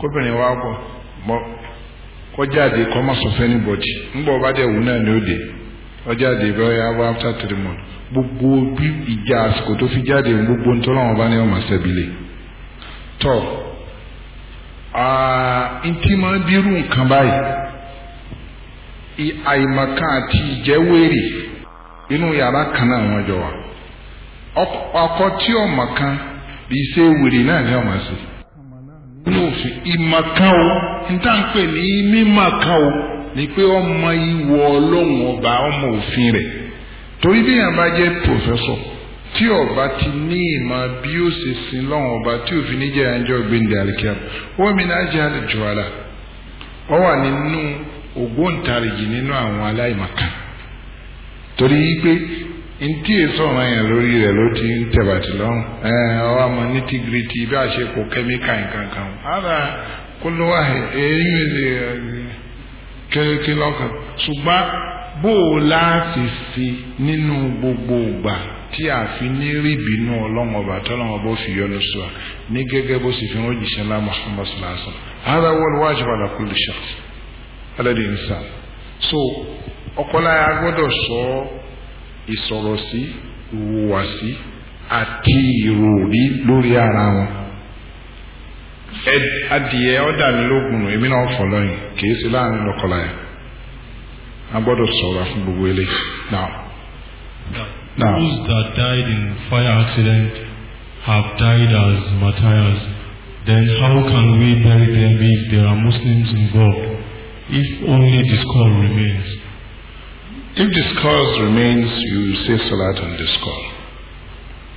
kóbìnrin wa bọ̀ mọ́ kọjáde kọ́ má sọ fẹ́ni bọ̀dì ńgbọ́ ọba dẹ̀ wù náà ní òde bẹ́ẹ̀ wá after three months gbogbo bí ìjà àsìkò tó fi jáde gbogbo ń tọ́lọ́wọ́n bá ní ọmọ sẹ́bílẹ̀ tọ́ ntí máa bírú nǹkan báyìí àti inú yàrá kan náà wọ́n jọ tí ọmọ kan bí iṣẹ́ wèrè náà ní nínú òfin ìmọ̀ kan o níta ń pè ní mímọ̀ kan o ni pé ọmọ ìwọ ọlọ́run ọba ọmọ òfin rẹ̀ torí bí yàn bá jẹ́ pòfẹ́sọ̀ tí ọba ti ní ìmọ̀ bí ó ṣe sin lọ́run ọba tí òfin ní jẹ́ àjọ gbẹ̀ndẹ̀ àríkẹ́ wọ́n mi náà jẹ́ àlejò àlà wọ́n wà nínú ògbóǹtarìgì nínú àwọn aláìmọ̀kan torí pé ntí èso ọ̀ràn yẹn lórí rẹ̀ ló ti ń tẹ̀bàtì lọ́rùn ẹ̀ ọwọ́ àmọ́ ní tìgìrìtì bí a ṣe kó kẹ́míkà nkankan ara kó ló wà èyí kéékèé lọ́kàn ṣùgbọ́n bó o láti fi nínú gbogbo ìgbà tí a fi ní rí ìbínú ọlọ́run ọba tọ́lọ́run ọba ó fi yọ́nú sí wa ní gẹ́gẹ́ bó sì fi rán òjìṣẹ́ ńlá Muhammad sallallahu alaihi wasallam hada wal wajib ala kulli shakhs alladhi insan so ọ̀pọ̀lọpọ̀ agbọ́dọ̀ sọ ọ́ ìsọ̀rọ̀ sí àti ìròrí lórí ara wọn. adìyẹ ọ̀dà mi lógun nù èmi náà fọ̀ lọ́yìn kì í ṣe láàrin lọ́kọláya a gbọ́dọ̀ sọ̀rọ̀ fún gbogbo eléyìí now. now. those that died in fire accident have died as martyrs then how can we bury them if there are Muslims involved if only the skull remains. If this cause remains, you say Salat on this call.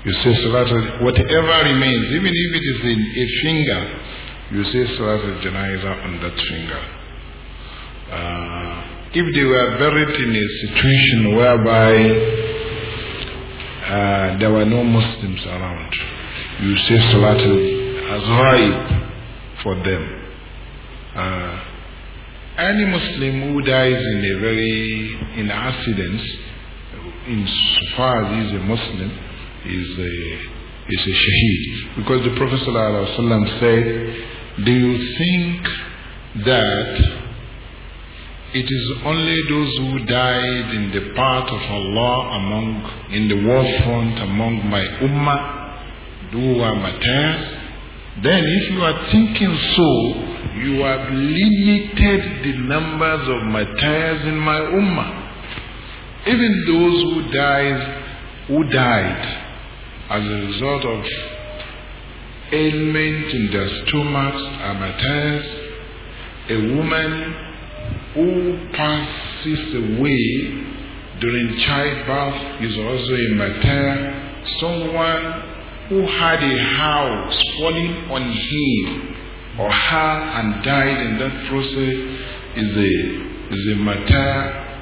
You say Salat, whatever remains, even if it is in a finger, you say Salat al Janaiza on that finger. Uh, if they were buried in a situation whereby uh, there were no Muslims around, you say Salat al for them. Uh, any Muslim who dies in a very in accidents, insofar as he's a Muslim, is a is a shaheed. Because the Prophet said, Do you think that it is only those who died in the path of Allah among in the warfront among my ummah who are martyrs? Then if you are thinking so, you have limited the numbers of martyrs in my ummah. Even those who died, who died as a result of ailment in their stomachs are martyrs. A woman who passes away during childbirth is also a martyr. Someone who had a house falling on him or her and died in that process is a is a matter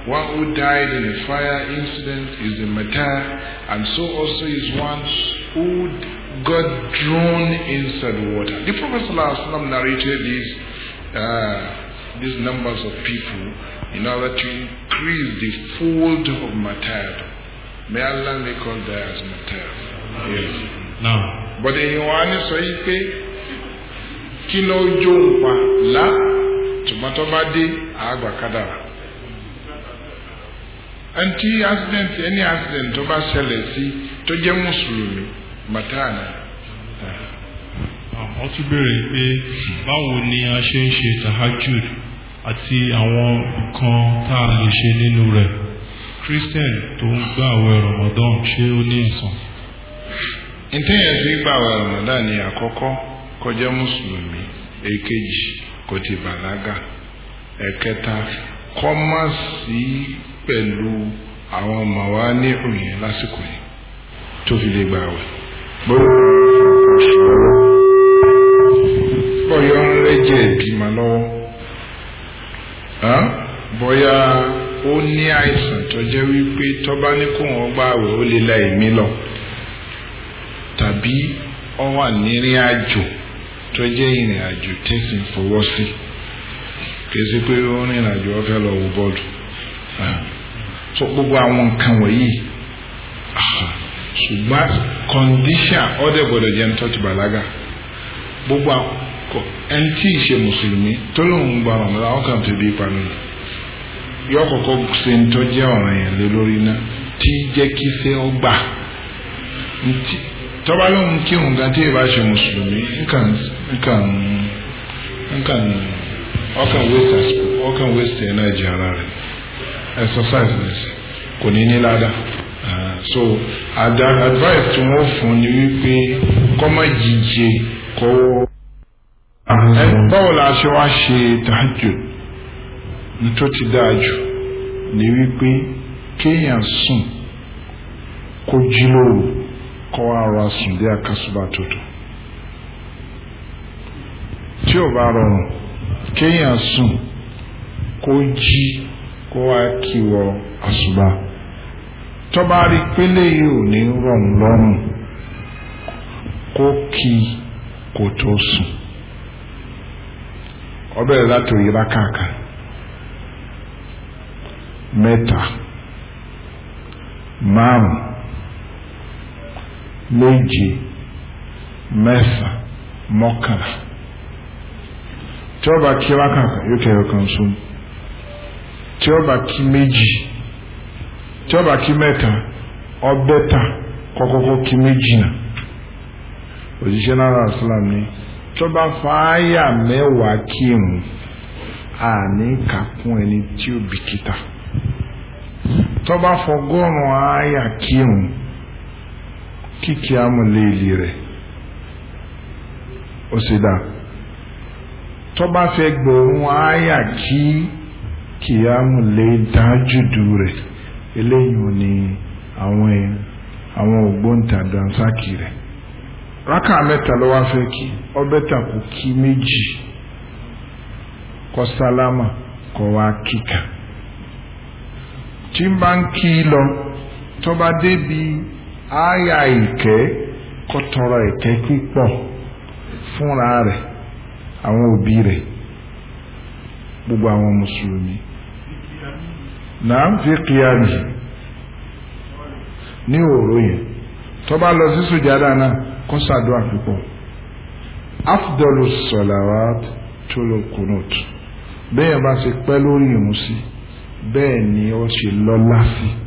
one who died in a fire incident is a matter and so also is one who got drawn inside water the prophet ﷺ narrated these uh, these numbers of people in order to increase the fold of matayat may allah make us die as matayat yes. No. but in wọn á ní sọ kí náà jó nǹpa lá tòmátọ́ bá dé accident ẹni accident tó bá ṣẹlẹ̀ sí tó jẹ́ mùsùlùmí màtáàna. wọ́n tún béèrè pé báwo ni a ṣe ń ṣe tahajud àti àwọn nǹkan tá a lè ṣe nínú rẹ̀ christian tó ń gbà àwẹ̀ Ramadan ṣé ó ní ìsàn. ìtẹ̀yẹ̀ sí gbà àwẹ̀ Ramadan ni àkọ́kọ́ kó jẹ́ mùsùlùmí èkejì kó ti bàlágà ẹ̀kẹta kó má sí pẹ̀lú àwọn màwá ní òyìn lásìkò yìí tó fi lè gbà wẹ̀. bóyá ń rẹ́jẹ̀ ìbímọ lọ́wọ́ bóyá ó ní àìsàn tó jẹ́ wípé tó ní kó wọn gbà wẹ̀ ó lè la ẹ̀mí lọ tàbí ó wà nírìn àjò. tó jẹ́ ìrìn àjò tẹ́sí fọwọ́ sí kì í ṣe pé ó rìn àjò ọ̀fẹ́ lọ ah. so gbogbo àwọn nǹkan wọ̀nyí ah. ṣùgbọ́n kọ́ndíṣà ọ̀dẹ̀ gbọ́dọ̀ jẹ́ ntọ́jú bàlágà gbogbo àkọ́ ẹni tí ì ṣe mùsùlùmí tó lóun gba tó bí yọ ṣe ntọ́jú ọ̀ràn yẹn lórí náà tọ́ba ló ń kírun gan tí ìbá ṣe mùsùlùmí nǹkan nǹkan nǹkan ọkàn waste ọkàn waste energy ara rẹ̀ exercise nìsín kò ní ní ládàá ah, so advice tí wọ́n fún ni wípé kọ́mọ jíjẹ kọ́wọ́. báwo la ṣe wá ṣe tahajjud tó ti dáa jù ni wípé kéèyàn sùn kó jí lóru. kọ́ wa ra aka bí akásùbà tí ò bá rọrùn kéèyàn sùn kó jí wọ àsùbà tọ́ba pélé yìí ní rọrùn lọ́rùn kí márùn méje mẹ́fà mọ́kànlá tí ó bá kí wákàtà yóò kẹ́ kan sún tí ó bá kí méjì tí ó bá kí mẹ́ta ọbẹ̀ ta kí méjì náà òṣìṣẹ́ náírà islam tí bá mẹ́wàá kí àní ẹni tí ó bìkítà kíkí amúléèlì rẹ̀ ó sì dá tó bá fẹ́ gbòòrùn àyà kí rẹ̀ eléyìí ni àwọn àwọn ògbóǹtàdánsákì rẹ̀ rákà mẹ́ta ló wá fẹ́ kí ọbẹ̀ tàkù kí méjì kọ sálámà kọ wá kíkà tí n bá ń kí lọ tó bá débi. Aya ìkẹ́ kó tọrọ ìkẹ́ pípọ̀ fúnra rẹ̀ àwọn òbí rẹ̀ gbogbo àwọn mùsùlùmí náà fi kíyàmì ní òòró yẹn tó bá lọ sí sùjádà náà kó ṣàdúrà pípọ̀ afdọ́lù sọ̀làwàt tó lọ bẹ́ẹ̀ bá ṣe pẹ́ lórí ìmúsí bẹ́ẹ̀ ni ó ṣe lọ́lá sí i.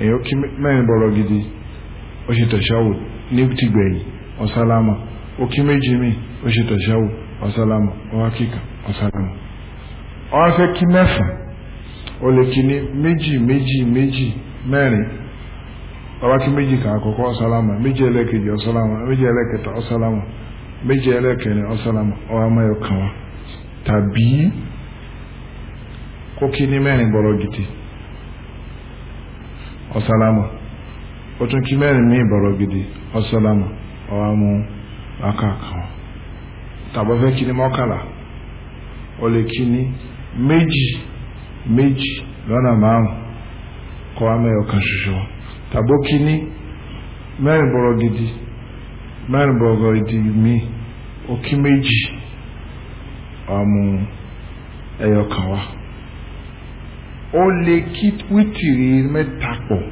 èyí ó kí mẹ́rin bọ̀rọ̀ gidi ó ṣe tẹ̀ṣáwò ní tìgbẹ̀yìn ọ̀sálámà ó kí méjì míì ó ṣe tẹ̀ṣáwò ọ̀sálámà ọwá kíkà ọ̀sálámà ọwá fẹ́ kí mẹ́fà ó lè kí ní méjì méjì méjì mẹ́rin kí méjì kà àkọ́kọ́ ọ̀sálámà méjì ọ̀sálámà méjì ẹlẹ́kẹta ọ̀sálámà méjì ẹlẹ́kẹrin ọ̀sálámà ọ̀sálámù ó tún kí mẹ́rin ní ìbọ̀rọ̀ gidi ọ̀sálámù ọ̀wá mú akáàkàn tàbọ̀ fẹ́ kí ni mọ́kànlá ó lè kí ni méjì méjì lọ́nà márùn kọ́ wá mẹ́yọ̀ kan ṣoṣo tàbó kí ni mẹ́rin bọ̀rọ̀ gidi mẹ́rin bọ̀rọ̀ gidi mi ó méjì ọ̀wá mú ẹyọ kan wá ó kí wítìrì mẹ́ta pọ̀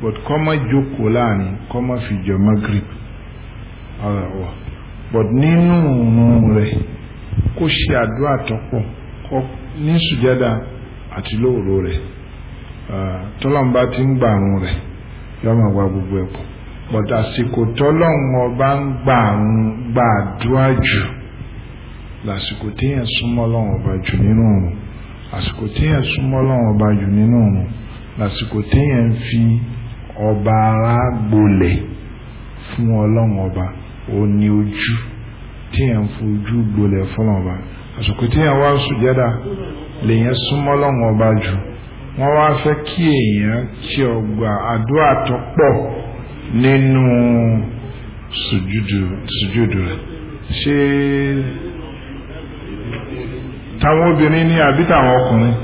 but kọ́mọ jókòó láàrin kọ́mọ fìjọ magrib ara wa but nínú òun rẹ̀ kó ṣe àdúrà tọ́pọ̀ kọ́ ní sùjádà àti lóòrò rẹ̀ tọ́lọ́mbà ti ń gbàrún rẹ̀ yọ máa wá gbogbo ẹ̀kọ́ but àsìkò tọ́lọ́run ọba ń gbàrún gbàdúrà jù lásìkò téèyàn súnmọ́ Ọlọ́run ọba jù nínú òun àsìkò téèyàn súnmọ́ Ọlọ́run ọba jù nínú òun lásìkò téèyàn fi ọba ara gbolẹ̀ fún ọlọ́run ọba ó ní ojú téèyàn fojú gbolẹ̀ fọlọ́run ọba àsìkò téèyàn wá sùjádà lèèyàn súnmọ́ ọlọ́run ọba jù wọ́n wá fẹ́ kí èèyàn kí ọgbà àdúrà tó pọ̀ nínú sùjúdù rẹ̀ ṣé táwọn obìnrin ní àbí táwọn ọkùnrin.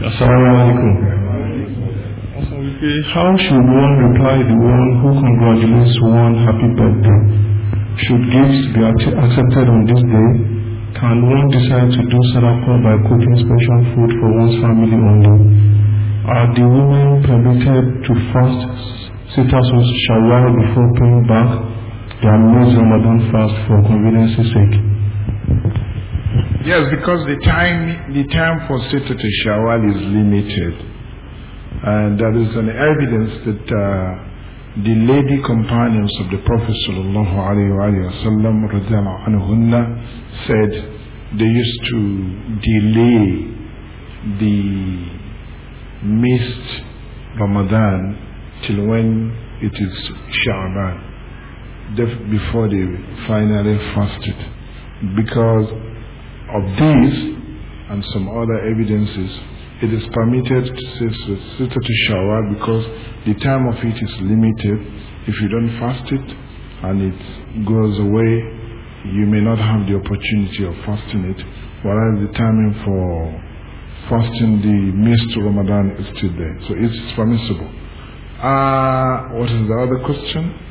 How should one reply the one who congratulates one happy birthday? Should gifts be accepted on this day? Can one decide to do sadaqah by cooking special food for one's family only? Are the women permitted to fast sitasus shawwal before paying back their maize Ramadan fast for convenience sake? Yes, because the time the time for Sita to Shawwal is limited, and there is an evidence that uh, the lady companions of the Prophet sallallahu alaihi wasallam said they used to delay the missed Ramadan till when it is Sha'ban, before they finally fasted, because of these and some other evidences, it is permitted to say to shower because the time of it is limited. If you don't fast it and it goes away, you may not have the opportunity of fasting it, whereas the timing for fasting the missed Ramadan is still there. So it's permissible. Uh, what is the other question?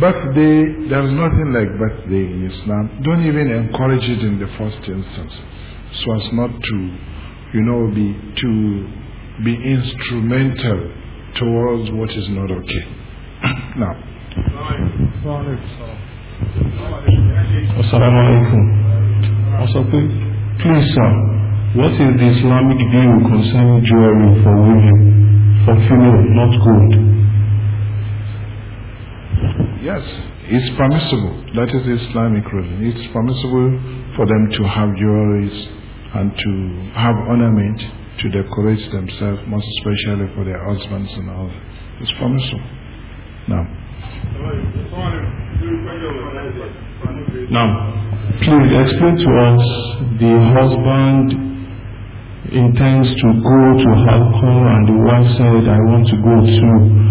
Birthday, There's nothing like birthday in Islam. Don't even encourage it in the first instance, so as not to, you know, be to be instrumental towards what is not okay. now. Assalamu alaikum. Please, sir. What is the Islamic view concerning jewelry for women, for female, not gold? Yes, it's permissible. That is Islamic religion. It's permissible for them to have jewelries and to have ornament to decorate themselves, most especially for their husbands and all It's permissible. Now. Now, please explain to us the husband intends to go to Halqa and the wife said, I want to go too.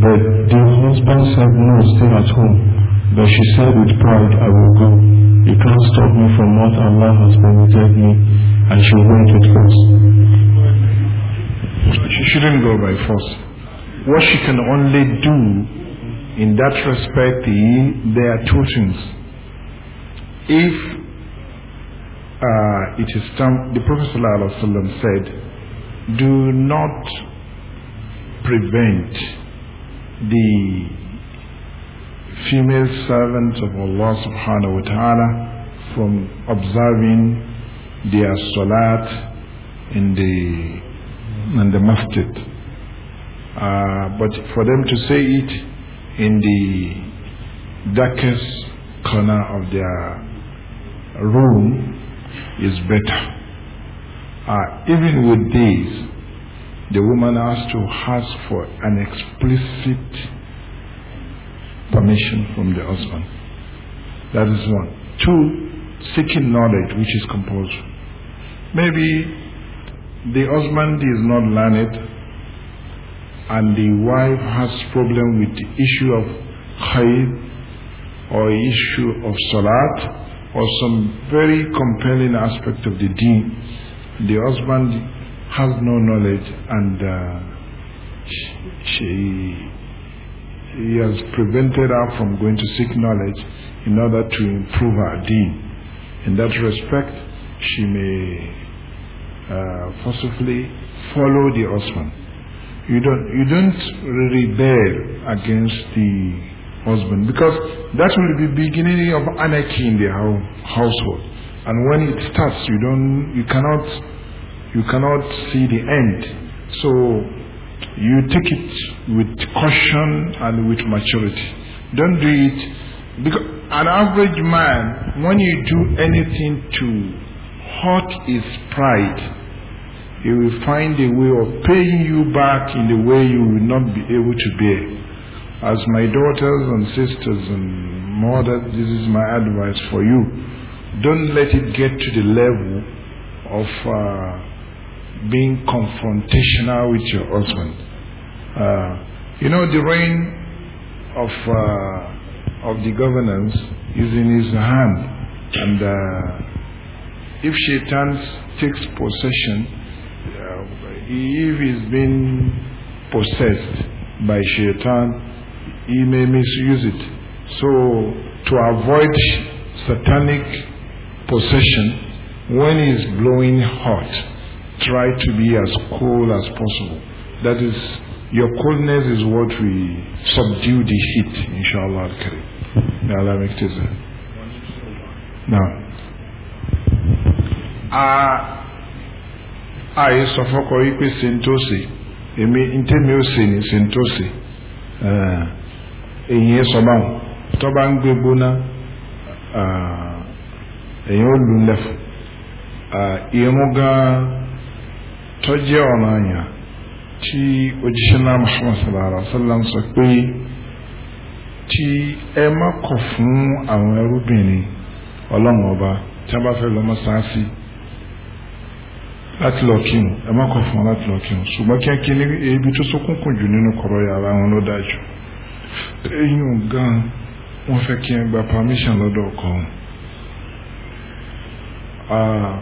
But the husband said, No, stay at home. But she said with pride, I will go. You can't stop me from what Allah has permitted me. And she went with force. She shouldn't go by force. What she can only do in that respect, there are two things. If uh, it is time, the Prophet ﷺ said, do not prevent the female servants of Allah subhanahu wa ta'ala from observing their salat in the in the masjid. Uh, but for them to say it in the darkest corner of their room is better. Uh, even with these the woman has to ask for an explicit permission from the husband. That is one. Two, seeking knowledge, which is compulsory. Maybe the husband is not learned and the wife has problem with the issue of khayd or issue of salat or some very compelling aspect of the deen. The husband has no knowledge and uh, she, he has prevented her from going to seek knowledge in order to improve her deen. In that respect, she may uh, forcibly follow the husband. You don't, you don't rebel against the husband because that will be beginning of anarchy in the household. And when it starts, you don't, you cannot you cannot see the end. So you take it with caution and with maturity. Don't do it because an average man, when you do anything to hurt his pride, he will find a way of paying you back in a way you will not be able to bear. As my daughters and sisters and mother, this is my advice for you. Don't let it get to the level of uh, being confrontational with your husband. Uh, you know, the reign of, uh, of the governance is in his hand. And uh, if Shaitan takes possession, uh, if he's been possessed by Shaitan, he may misuse it. So, to avoid satanic possession, when he's blowing hot, try to be as cool as possible. That is, your coolness is what we subdue the heat, inshallah al karim. May Allah make this. Now, ààyè sọ fọkọ yìí pé sèntósè èmi ntẹ́mi ó sè ní sèntósè eh, èyí sọ báwọn tó bá ń gbé gbóná eh, èyí ó lù lẹ́fọ̀ irun gan tó jẹ́ ọ̀ràn àyàn tí òjíṣẹ́ náà Muhammad sallallahu alaihi wa sallam sọ pé tí ẹ má kọ̀ fún àwọn ẹrúbìnrin ọlọ́run ọba tí wọ́n bá fẹ́ lọ mọ́sáàsì láti lọ kírun ẹ má kọ̀ fún wọn láti lọ kírun ṣùgbọ́n kíákí ní ibi tó sókùnkùn jù nínú kọ̀rọ̀ yàrá wọn ló dájú eyín gan-an fẹ́ kí ẹ gba permission lọ́dọ̀ ọkọ wọn ah,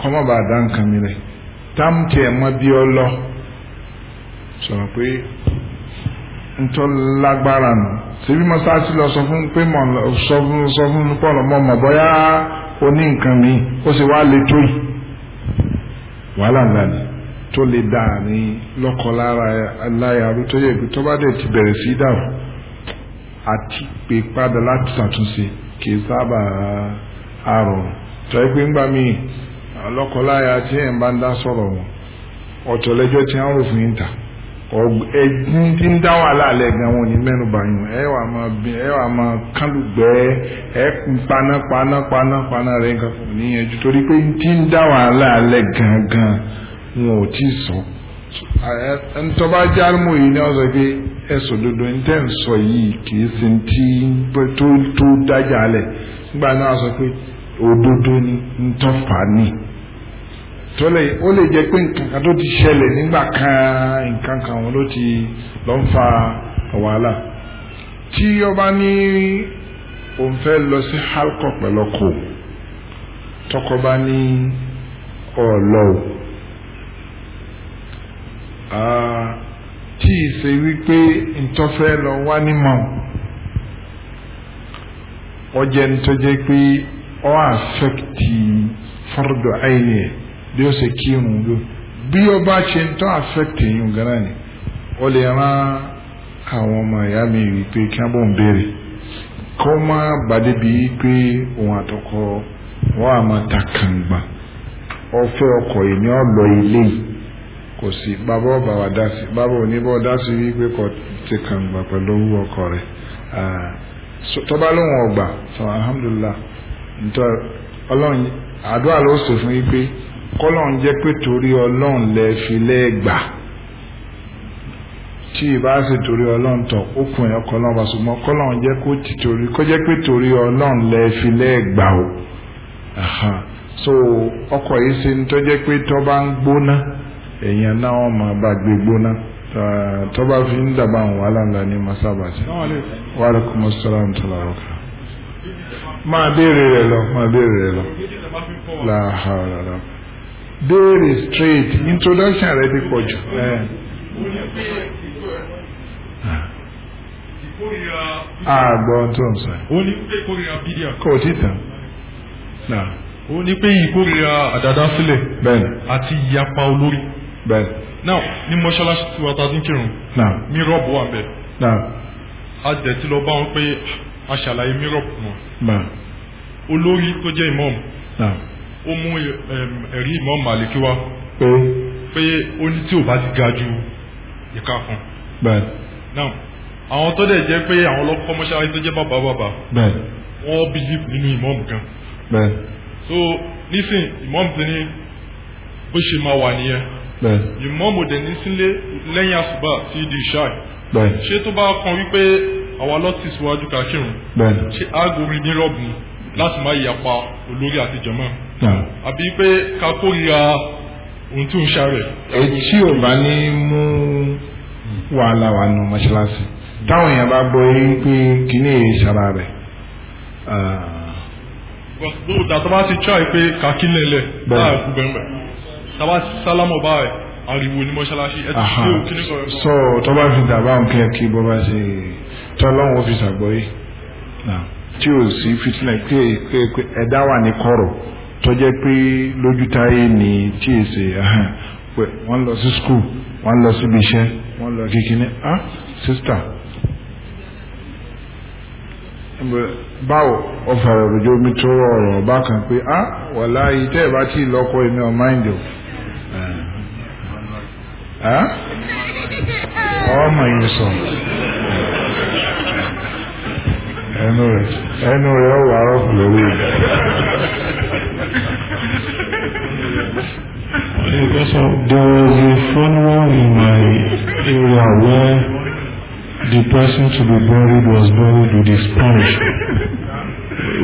kọ́mọ́ bá dá nǹkan mi táàmù tiẹ̀ mọ́ bí ọ lọ sọ̀rọ̀ pé ntọ́ lágbára nù lọ sọ fún pé mọ̀ sọ fún sọ fún pọ̀lọ̀ mọ́ mọ̀ bọ́yá oní mi ó sì wá le tó yìí wàhálà ńlá ni tó le dà ní lọ́kọ̀ lára tó yẹ tó bá dẹ̀ ti bẹ̀rẹ̀ sí àti pé padà láti ṣàtúnṣe kì í sábà lọ́kọláya ya ti ń bá ń wọn ọ̀tọ̀ rò fún tí ń dá wàhálà gan wọn ní bàyàn ẹ wà máa bí ẹ wà máa kálùgbẹ́ ẹ paná paná paná paná torí pé tí ń sọ ntọ́ba yìí ni wọ́n sọ pé ẹ sọ dodo tẹ́ ń sọ yìí kì í sin tí tó dájà alẹ̀ nígbà náà sọ tó lè ó lè jẹ́ pé nǹkan kan tó ti ṣẹlẹ̀ nígbà kan nǹkan kan wọn ló ti lọ ń fa wàhálà tí ọba ní òun fẹ́ lọ sí halkọ pẹ̀lọ́kọ tọkọ bá ní ọ̀lọ́ tí ìṣe wípé ntọ́fẹ́ lọ wá nímọ̀ ọjẹ́ ntọ́jẹ́ pé ọ àfẹ́kìtì fọ́rọ̀dọ̀ àìní ẹ̀. bí ó ṣe kírun ló bí ó bá ṣe ń ni ó lè rán àwọn ọmọ ìyá mi wípé kí wọ́n bọ̀ ń béèrè kó má bàdé bí pé òun àtọkọ wọn àmọ ta kàǹgbà ọfẹ ọkọ yìí ọ lọ ilé yìí kò sí bàbá ọba ti sọ alhamdulilah ntọ́ ọlọ́run àdúrà kọ́lọ́n jẹ́ pé torí ọlọ́run lẹ fi lẹ́ẹ̀gbà tí ìbá sì torí ọlọ́run tọ̀ ó ẹ̀ kọ́lọ́n bá ṣùgbọ́n kọ́lọ́n kó ti torí kó pé torí lẹ fi o so ọkọ̀ yìí ṣe ń tọ́jẹ́ pé tọ́ bá ń gbóná èèyàn náà wọ́n máa bá gbé béèrè straight introduction rẹ ti pọ̀ jù. àgbọ̀ ah, tó ń sọ. ó ní pé kórìíra bídíà. kò tí tán. ó ní pé ìkórìíra àdàdá sílẹ̀. bẹ́ẹ̀ni. àti ìyapa olórí. bẹ́ẹ̀ni. now ní mọ́ṣáláṣí tí wàá ta ti ń kírun. now mi rọ́ọ̀bù wà bẹ́ẹ̀. now a dẹ̀ ti lọ bá wọn pé a ṣàlàyé mi rọ́ọ̀bù wọn. olórí tó jẹ́ ìmọ̀ọ́mù. now ó mú ẹ̀rí ìmọ̀ màlìkí wá pé ó ní tí ò bá ti ga ju ìka fún. now àwọn tó dẹ̀ jẹ́ pé àwọn ọlọ́kọ́ mọ́ṣáláṣí tó jẹ́ bàbá bàbá wọ́n believe nínú ìmọ̀ọ́mù gan. so nísìn ìmọ̀ọ́mù ti ní bó ṣe máa wà nìyẹn ìmọ̀ọ́mù dẹ̀ ní sílé lẹ́yìn àsùbà sí di ṣáì ṣé tó bá kan wípé àwa lọ́tì síwájú kàkírun ṣé aago rí ní rọ́ọ̀bù láti má yapa olórí àti jọmọ́ àbí pé ká kórìíra ohun tí ó ń ṣàrẹ̀. etí ò bá ní mú wàhálà wà nù mọ́ṣáláṣí táwọn èèyàn bá gbọ́ yín pé kíní èyí ṣara rẹ̀. gbọ́dọ̀ tó bá ti tíọ́ pé kàkí lẹ́lẹ̀ báyà kú bẹ́ẹ̀ tàbá sálámọ̀ báyà ariwo ní mọ́ṣáláṣí ẹ ti ṣe òkìní sọ̀rọ̀. sọ tó bá fi dàbá nǹkan kí bọ́ bá ṣe tọ́lọ́hún ó fi ṣàgbọ́yé tí ò sí fitinẹ pé ẹ̀dá wà ní kọ̀rọ̀ tó jẹ́ pé lójútáyé ni tí èsè pé wọ́n lọ sí skul wọ́n lọ síbi iṣẹ́ wọ́n lọ kíkiní ah sista báwo ọfà ìròjò mi tó ọ̀rọ̀ ọba kan pé ah wàlá yìí tẹ́ ẹ̀ bá tí ì lọ́kọ èmi ọ̀ máìndì o eh. Eh? ọmọ yìí sọ ẹnu rẹ̀ ẹnu rẹ̀ ó wà á rọ̀ lórí ìgbà. person to be buried was buried with his parents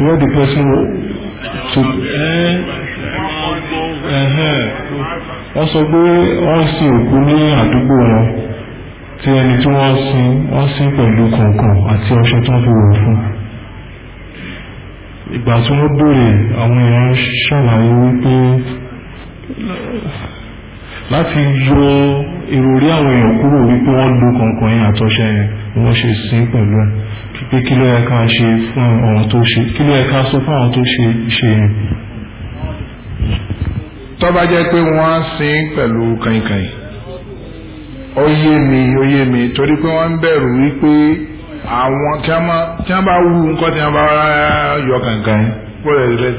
where the person to. Eh, eh, eh. wọ́n sọ pé wọ́n sin òkú ní àdúgbò wọn tí ẹni tí wọ́n sin wọ́n sin pẹ̀lú kọ̀ọ̀kan àti ọṣẹ tó ń fi wọ̀ fún un ìgbà tí wọ́n bèèrè àwọn èèyàn ṣàlàyé wípé láti yọ èrò orí àwọn èèyàn kúrò wípé wọ́n lo kọ̀ọ̀kan yẹn àtọ́ṣẹ́ yẹn wọ́n ṣe sin pẹ̀lú ẹ̀ pípé kí ló yẹ ká ṣe fún àwọn tó ṣe kí ló yẹ ká sọ fún àwọn tó ṣe ṣe yẹn. tó bá jẹ́ pé wọ́n á sin pẹ̀lú kàìnkàìn ó yé mi ó yé mi torí pé wọ́n ń bẹ̀rù wípé àwọn tí wọ́n bá wú nǹkan tí wọ́n bá yọ kàìnkàìn pọ̀ rẹ̀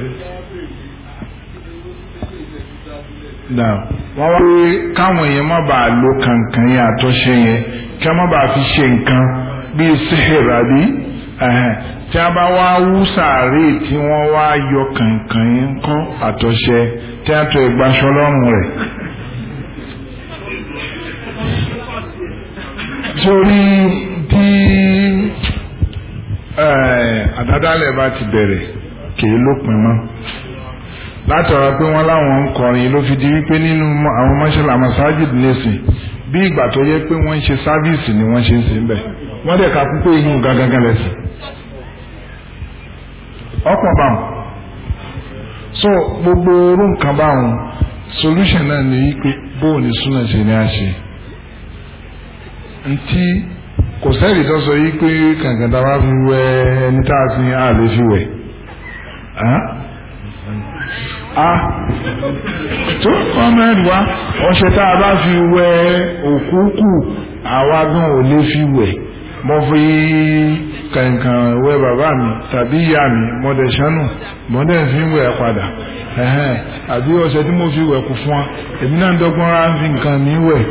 wọ́n wá pé káwọn èèyàn má bàa lo kankan yẹn àtọ́ṣe yẹn kí wọ́n má bàa fi ṣe nǹkan bíi tí a bá wá wú sàárè tí wọ́n wá yọ kankan yẹn kọ́ àtọ́ṣe tí a tó ìgbaṣọ lọ́rùn rẹ̀. torí àdádálẹ̀ bá ti bẹ̀rẹ̀ kì í lópin mọ́. látara pé wọ́n láwọn ń kọrin ló fi di wípé nínú àwọn mọ́ṣálá masajid lẹ́sìn bí ìgbà tó yẹ pé wọ́n ń ṣe sáfíìsì ni wọ́n ṣe ń ṣe ń bẹ̀ wọ́n dẹ̀ ka kú pé gangan lẹ́sìn ọ̀pọ̀ báwọn so gbogbo orú nǹkan báwọn solution náà ni wípé bóun ni súnà ṣe ni a ṣe ntí kò sẹ́ẹ̀lì tó sọ yí pé kàǹkàǹdà wá fi wẹ ẹni tá a sin àlè fi wẹ̀ a ah. tó ọmọ ẹ̀dùá tá a bá fi wẹ òkú àwa gan ò lè fi wẹ̀ mo fi wẹ mi tàbí ìyá mi mọ̀dẹ̀sánù mọ̀dẹ̀ fi wẹ̀ padà àbí ọṣẹ tí mo fi wẹ̀ kù fún wa èmi náà dọ́gbọ́n á fi nǹkan mi wẹ̀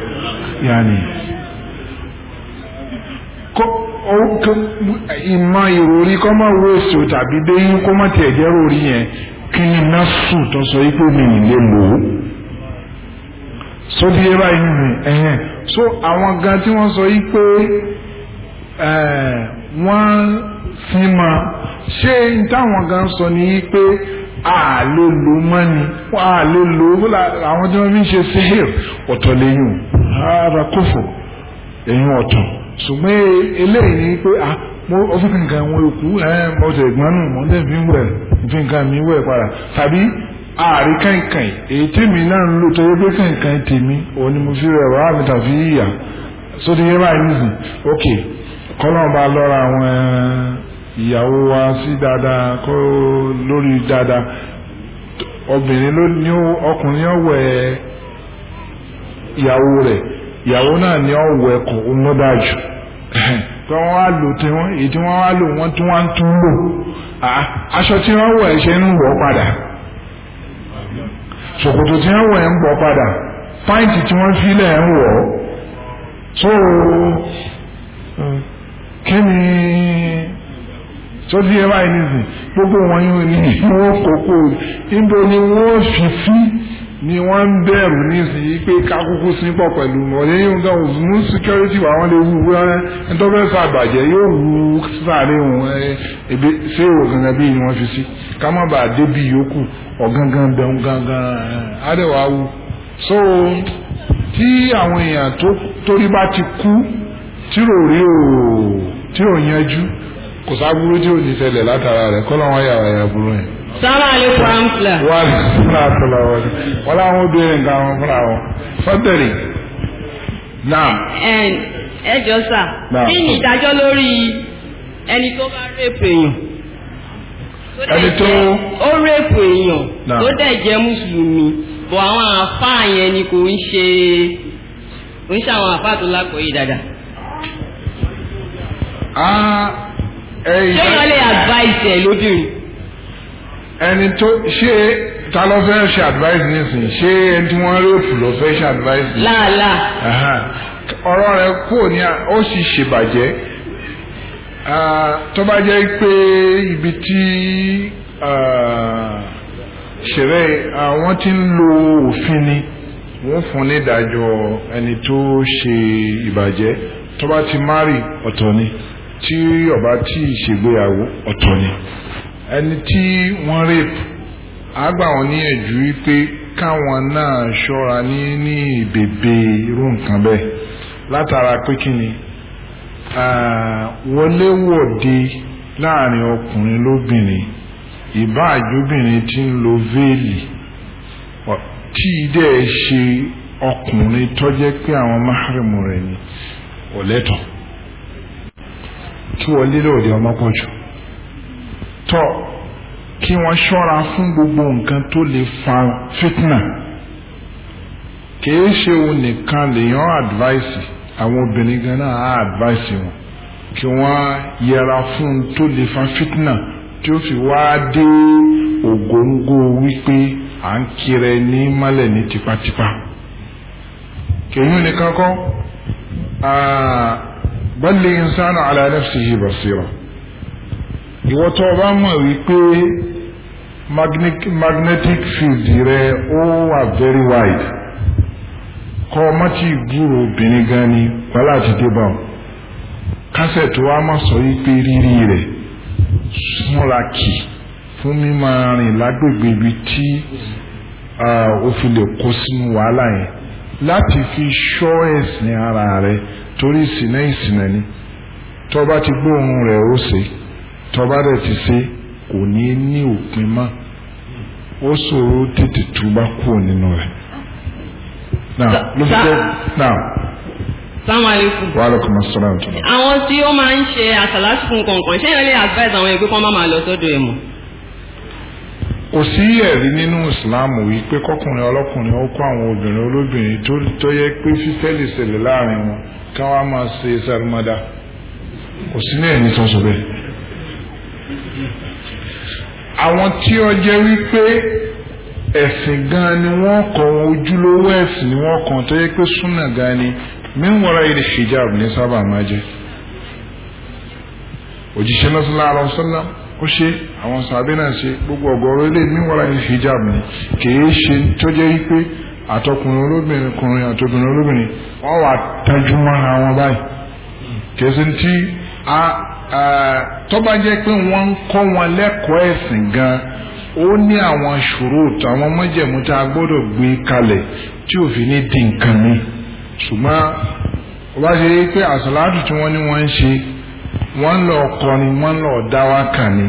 kí ni násù tó sọ yìí pé mi lè lò ó so bí ẹ báyìí nì ẹhẹn so àwọn gan tí wọ́n sọ yìí pé wọ́n sì mọ ṣé n táwọn gan sọ ni yìí pé a lè lò mọ́ni a lè lò ó àwọn tí wọ́n fi ń ṣe sihir ọ̀tọ̀ lẹ́yìn ara kófò ẹ̀yìn ọ̀tọ̀ ṣùgbọ́n eléyìí ni pé a. ó tún fi wọn òkú mo ṣe ìgbọ́n nù dẹ̀ fi ń wẹ̀ mi padà tàbí ààrí kankan èyí tèmi náà ń lò tó pé kànkàn tèmi òun ni mo fi rẹ̀ wá mi tàbí ìyà sóde yẹn báyìí ok wa sí dáadáa kó lórí dáadáa obìnrin ló ní ọkùnrin ìyàwó ìyàwó náà ní kò ń tí wọ́n wá lò tí wọ́n èyí tí wọ́n wá lò wọ́n tún wá ń tún lò aṣọ tí wọ́n wọ̀ ẹ̀ ṣe ń wọ̀ padà ṣòkòtò tí wọ́n wọ̀ ẹ̀ ń wọ̀ padà pàǹtì tí wọ́n filẹ̀ ń wọ̀ so hmm, kí ni sódì ẹ̀ báyìí nìsín gbogbo wọn yóò ní wọ́n kókó níbo ni wọ́n fi fi ni wọ́n ń bẹ̀rù nísìnyí pé kákúkú sí pọ̀ pẹ̀lú ọ̀lẹ́ yìí nǹkan mú security wà wọ́n lè wú rárá ẹni tó fẹ́ sàbàjẹ́ yóò wú sáré òun ẹbí ṣé òwò gangan bí ni wọ́n fi sí ká má bàa débi yòókù ọ̀gangan bẹ̀rù gangan àdẹ̀wà wù. so tí àwọn èèyàn torí bá ti kú tí ò rí o tí ò yanjú kò sábúrú tí ò ní ṣẹlẹ̀ látara rẹ̀ kọ́ lọ́wọ́ yàrá yàrá burú yẹn sára àlè fúráńtìlà. wà á fúra àtọlà wọlé wọn làwọn obìnrin nǹkan àwọn fúnra wọn fọtẹrì náà. ẹ jọ sà kí ni ìdájọ́ lórí ẹni tó bá rèpù èèyàn. ẹni tó. ó rèpù èèyàn tó dẹ̀ jẹ́ mùsùlùmí bọ̀ àwọn àáfàá yẹn ni kò ń ṣe kò ń ṣe àwọn àáfàá tó lákòóyè dáadáa. Ah, eh, ṣé wọ́n lè advice ẹ̀ lóbìnrin ẹni tó ṣé ta ló fẹ́ ṣe advice nísìnyí ṣé ẹni tí wọ́n rèpù ló fẹ́ ṣe advice nísìnyí. láàlá. ọ̀rọ̀ rẹ̀ kò ní ó sì ṣèbàjẹ́ tó bá jẹ́ pé ibi tí ṣẹ̀rẹ̀ àwọn tí ń lo òfin ni wọ́n fún ní ìdájọ́ ẹni tó ṣe ìbàjẹ́ tó bá ti márì ọ̀tọ̀ ni tí ó bá ti ṣègbéyàwó ọ̀tọ̀ ni ẹni tí wọ́n rape àgbà wọn níyànjú wípé káwọn náà ṣọ́ra ní ní ìbèbè irú nǹkan bẹ́ẹ̀ látara pé kí ni wọléwọ̀de láàrin ọkùnrin lóbìnrin ìbáàjúbìnrin tí ń lo véèlì tí ìdẹ́ ṣe ọkùnrin tó jẹ́ pé àwọn máhàrìmù rẹ̀ ni ọ̀lẹ́tọ̀ kí wọ́n lélẹ̀ òde ọmọ pọ̀ jù tọ́ kí wọ́n ṣọ́ra fún gbogbo nǹkan tó lè fa fitna kìí ṣe òun nìkan lèèyàn advice àwọn obìnrin gan náà á advice wọn kí wọ́n yẹra fún un tó lè fa fitna tí ó fi wá dé ògóńgó wípé à ń kiri ní mọ́lẹ̀ ní tipátipá kèyí nìkan kọ́ bal insanu ala nafsihi basira ìwọ tó o bá mọ̀ wípé magnetic field rẹ ó wà very wide kọ́ ọ má ti gbúrò obìnrin gan ni wàhálà àti débà o kásẹ̀ tó wá má sọ wípé rírí rẹ̀ súnra kì fún mímọ rìn lágbègbè ibi tí ó fi lè kó sínú wàhálà yẹn láti fi ṣọ́ ẹ̀sìn ara rẹ̀ torí ìsìnà ìsìnà ni tó ti gbóhùn rẹ̀ ó ṣe é. Tọba rẹ̀ ti ṣe kò ní ní òpin ó ṣòro tètè kúrò nínú Wa Àwọn tí ó máa ń ṣe àṣàlásì fún kọ̀ọ̀kan ṣé ìrẹ́lẹ̀ advice àwọn ẹgbẹ́ kan máa máa lọ sọ́dọ̀ ẹ̀ mọ́? Kò sí ẹ̀rí nínú Ìsìláàmù wípé kọkùnrin ọlọ́kùnrin ó kó àwọn obìnrin olóbìnrin tó yẹ pé ṣẹlẹ̀ láàrin wọn káwọn máa ṣe sàrúmọ́dá. Kò sí àwọn tí ó jẹ́ wípé ẹ̀sìn gan ni wọ́n kàn ojúlówó ẹ̀sìn ni wọ́n kàn tó yẹ pé súnà gan ni mímúra yìí hijab ní sábà máa jẹ́ òjíṣẹ́ náà sọ́lá àlọ́ sọ́lá ó ṣe àwọn sàbẹ́ náà ṣe gbogbo ọ̀gọ̀ọ̀rọ̀ ilé mímúra yìí hijab ni kìí ṣe tó jẹ́ wípé àtọkùnrin olóbìnrin kùnrin àtọkùnrin olóbìnrin wọ́n wà tajúmọ́ ara wọn báyìí kìí ṣe ti a Eh, tó bá jẹ́ pé wọ́n ń kọ́ wọn lẹ́kọ̀ọ́ ẹ̀sìn gan ó ní àwọn ṣùrùtù àwọn májẹ̀mú tá a gbọ́dọ̀ gbé kalẹ̀ tí òfin ní di nǹkan ni ṣùgbọ́n ó bá ṣe pé àsàlátù tí wọ́n ní wọ́n ń ṣe wọ́n lọ kọrin wọ́n lọ dá wá kàn ni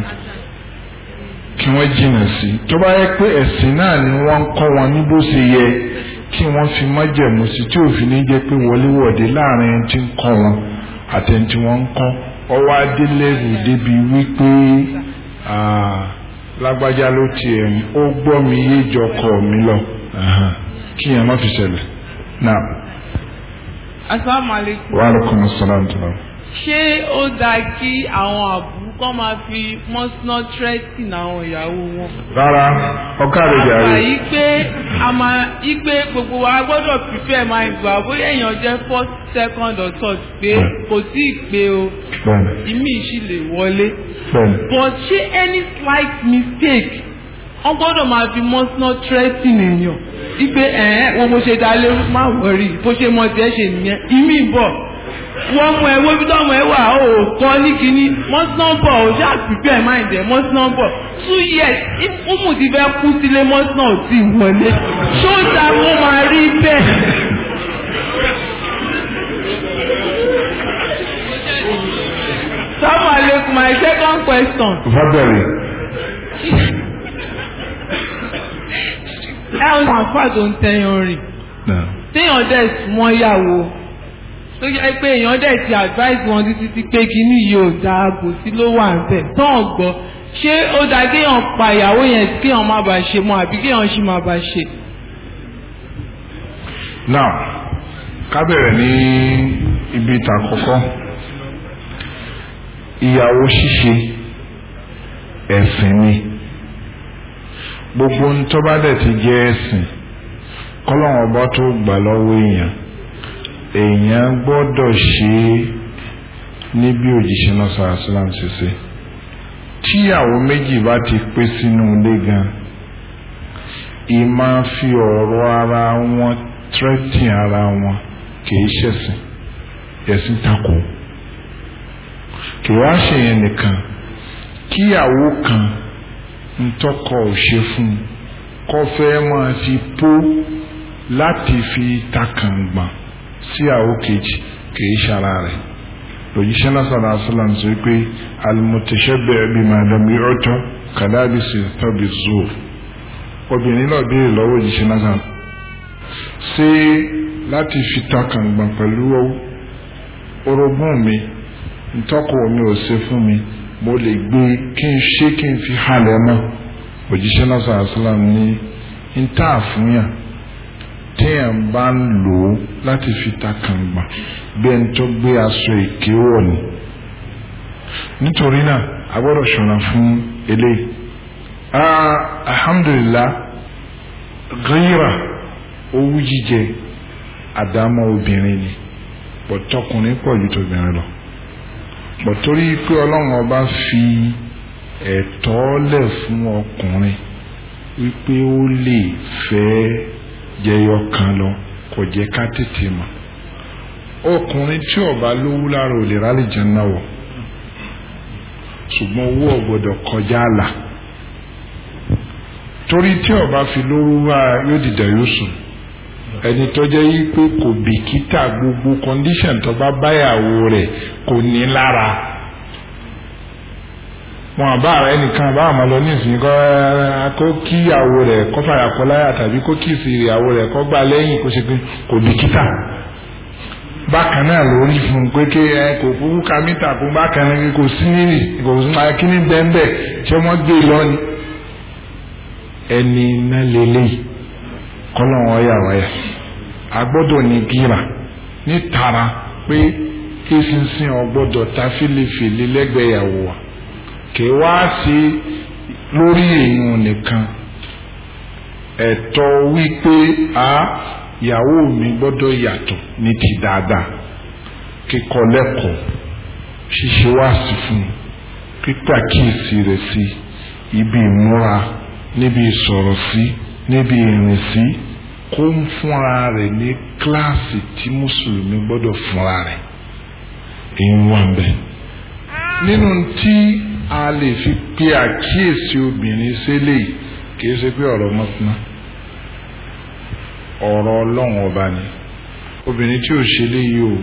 kí wọ́n jìnnà sí tó bá yẹ pé ẹ̀sìn náà ni wọ́n ń kọ́ wọn ní bó ṣe yẹ kí wọ́n fi májẹ̀mú sí tí òfin ní jẹ́ pé wọléwọ̀de láàrin ẹni tí ń kọ́ wọn àtẹni tí ń kọ́ ọwọ́ adélẹ́rù débi wípé lágbájá ló tiẹ̀ ó gbọ́ mi yé mi lọ kí yẹn má fi ṣẹlẹ̀ náà. asalaamualeykum. wa aleykum salaam. ṣé ó dáa àwọn àbọ̀. kọ́ máa fi mọ́sánná tírẹ́tìn àwọn ìyàwó wọn. rárá ọkọ àrẹ jàre. àmà yí pé àmà yí pé gbogbo wa gbọ́dọ̀ prepare my gba bóyá èèyàn jẹ́ first second or third pé kò sí ìpè o ìmí ìṣí lè wọlé. but ṣé any slight mistake wọ́n gbọ́dọ̀ máa fi mọ́sánná tírẹ́tìn èèyàn. ipe ẹ̀ẹ́n wọn mo ṣe dalérú má wọrí bó ṣe mọ̀ tiẹ̀ ṣe nìyẹn ìmí bọ̀ wọ́n mú ẹ wóbi tó mú ẹ wà ó kọ́ ní kínní mọ́sánbọ̀ ó ṣáà prepare mind ẹ̀ mọ́sánbọ̀ two years ìfúnmù ti fẹ́ kú sílé mọ́sán ò tí wọlé ṣó ta kó máa rí bẹ́ẹ̀. Assalamu alaikum my second question. Fábẹ́rì. Ẹ ọ̀nà àfáà tó ń tẹ̀yàn rìn. Téèyàn dẹ̀ mọ́ ìyàwó tó yẹ pé èèyàn dẹ̀ ti advice wọn títí ti pé kíní yìí ò dáa kò sí ló wà bẹ́ẹ̀ tán ọ̀gbọ́ ṣé ó dáa kéèyàn pa ìyàwó yẹn kéèyàn má bàa ṣe mọ́ àbí kéèyàn ṣì má bàa ṣe. now ká bẹ̀rẹ̀ ní ibi ìtàn àkọ́kọ́ ìyàwó ṣíṣe ẹ̀sìn ni gbogbo ń tọ́ bá dẹ̀ ti jẹ́ ẹ̀sìn kọ́lọ́run ọba tó gbà lọ́wọ́ èèyàn èèyàn gbọ́dọ̀ ṣe ní bí òjíṣẹ́ náà sọ àṣìlám ṣiṣẹ́ tíyàwó méjì bá ti pé sínú ilé gan ìmá fi ọ̀rọ̀ ara wọn tírẹ́tìn ara wọn kìí ṣẹ̀sìn ẹ̀sìn takò kìí wá ṣe yẹn nìkan kíyàwó kan ntọ́kọ òṣè fún un kọ́ máa fi pó láti fi takàngbọ̀n. sí àwo kejì kìí ṣara rẹ̀ lòjíṣẹ́ lásàrà asálàm sọ pé almutashabbi bima lam yu'ta kàdábìsì tọ́bi zuur obìnrin náà béèrè lọ́wọ́ òjíṣẹ́ lásàrà ṣé láti fi ta kàngbà pẹ̀lú orogún mi ntọ́kọ̀ mi ò ṣe fún mi mo lè gbé kí n ṣe kí n fi halẹ̀ mọ́ òjíṣẹ́ ní téèyàn bá ń lò ó láti fi ta kàngbà bí ẹni tó gbé aṣọ èké wọ̀ ni nítorí náà a gbọ́dọ̀ ṣọ́ra fún eléyìí alhamdulilah ghira owú jíjẹ àdámọ́ obìnrin ni pọ̀tọkùnrin pọ̀ ju tobìnrin lọ pọ̀tórí pé ọlọ́run ọba fi ẹ̀tọ́ lẹ̀ fún ọkùnrin wípé ó lè fẹ́ẹ́. jẹyọ kan lọ kò jẹ́ ká tètè mọ̀ ọkùnrin tí ọba lówó lára ò lè rálì jẹun náà wọ̀ owó ọ̀gbọ́dọ̀ kọjá àlà torí tí ọba fi lówó wá yóò dìdà yóò sùn ẹni tó jẹ́ yí pé kò bìkítà gbogbo kọ́ndíṣàn tó bá báyàwó rẹ kò ní lára. wọn àbá rẹ nìkan bá àmọ́ lọ nísìnyí kọ́ kó kí ìyàwó rẹ̀ kó fàyà kọ́ láyà tàbí kó kí ìsì ìyàwó rẹ̀ kó gbà lẹ́yìn kó ṣe pé kò bìkítà bákan náà ló rí fún un pé kí ẹ kò kúkú ka mítà kó bákan náà kò sí kò sí máa kí ní bẹ́ńbẹ́ tí wọ́n gbé e lọ ni ẹni kì wá sí lórí èèyàn nìkan ẹ̀tọ́ wípé a ìyàwó mi gbọ́dọ̀ yàtọ̀ ní ti dáadáa kíkọ́ lẹ́kọ̀ọ́ ṣíṣe wá sí fún un pípàkíyèsí rẹ̀ sí ibi ìmúra níbi ìsọ̀rọ̀ sí níbi ìrìn sí kó ń fúnra rẹ̀ ní kíláàsì tí mùsùlùmí gbọ́dọ̀ fúnra rẹ̀ èyí wà ń bẹ̀ nínú tí a lè fi pe àkíyèsí obìnrin sílẹ̀ kì í ṣe pé ọ̀rọ̀ mọ́tínà ọ̀rọ̀ ọlọ́run ọba ni obìnrin tí ò ṣe léyìí o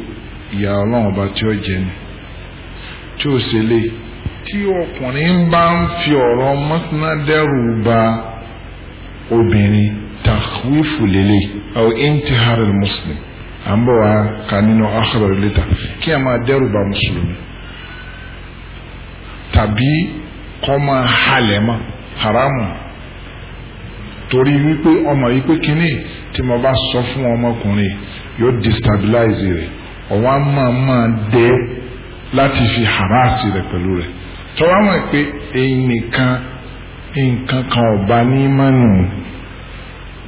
ìyá ọlọ́run ọba tí ó jẹ ni tí ò ṣe léyìí tí ọkùnrin bá ń fi ọ̀rọ̀ mọ́tínà dẹ́rù ba obìnrin takhwifu lélẹ̀ aw intihar muslim à ń bọ̀ wá ka nínú akhbar lẹ́tà kí a máa dẹ́rù ba mùsùlùmí tàbí kọ́ máa halẹ̀ mọ́ haramu torí wípé ọmọ yìí pé kínní tí mo bá sọ fún ọmọkùnrin yóò destabilize rẹ̀ ọ̀wọ́n á máa máa dẹ́ láti fi haraasi rẹ̀ pẹ̀lú rẹ̀ tọ́wọ́ àwọn ìpè ẹ̀yìn nìkan nǹkan kan ọba ní mánu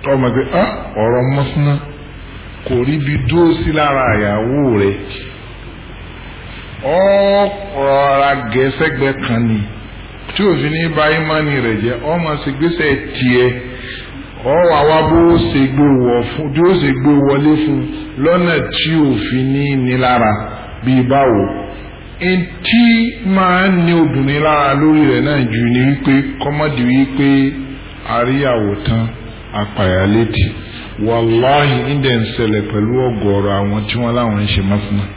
tọ́wọ́ mọ̀ pé ah, ọ̀rọ̀ mọ́sánná kò rí dúró sí lára àyàwó rẹ̀ ọ rọra gẹ̀ẹ́sẹ̀gbẹ́ kan ni tí òfin ní bá ìmánì rẹ̀ jẹ́ ọ máa ṣe gbèsè tiẹ̀ ọ wà wá bó ṣe gbé wọ fún bí ó ṣe gbé wọlé fún lọ́nà tí òfin ní nílára bíi báwo ntí máa ń ní obìnrin lára lórí rẹ̀ náà jù ní wípé kọ́mọ́dé wípé àríyàwó tán apàyàlétì wàláhì ń dẹ̀ ń ṣẹlẹ̀ pẹ̀lú ọ̀gọ̀ọ̀rọ̀ àwọn tí wọ́n láwọn ń ṣe mọ́fúnmọ́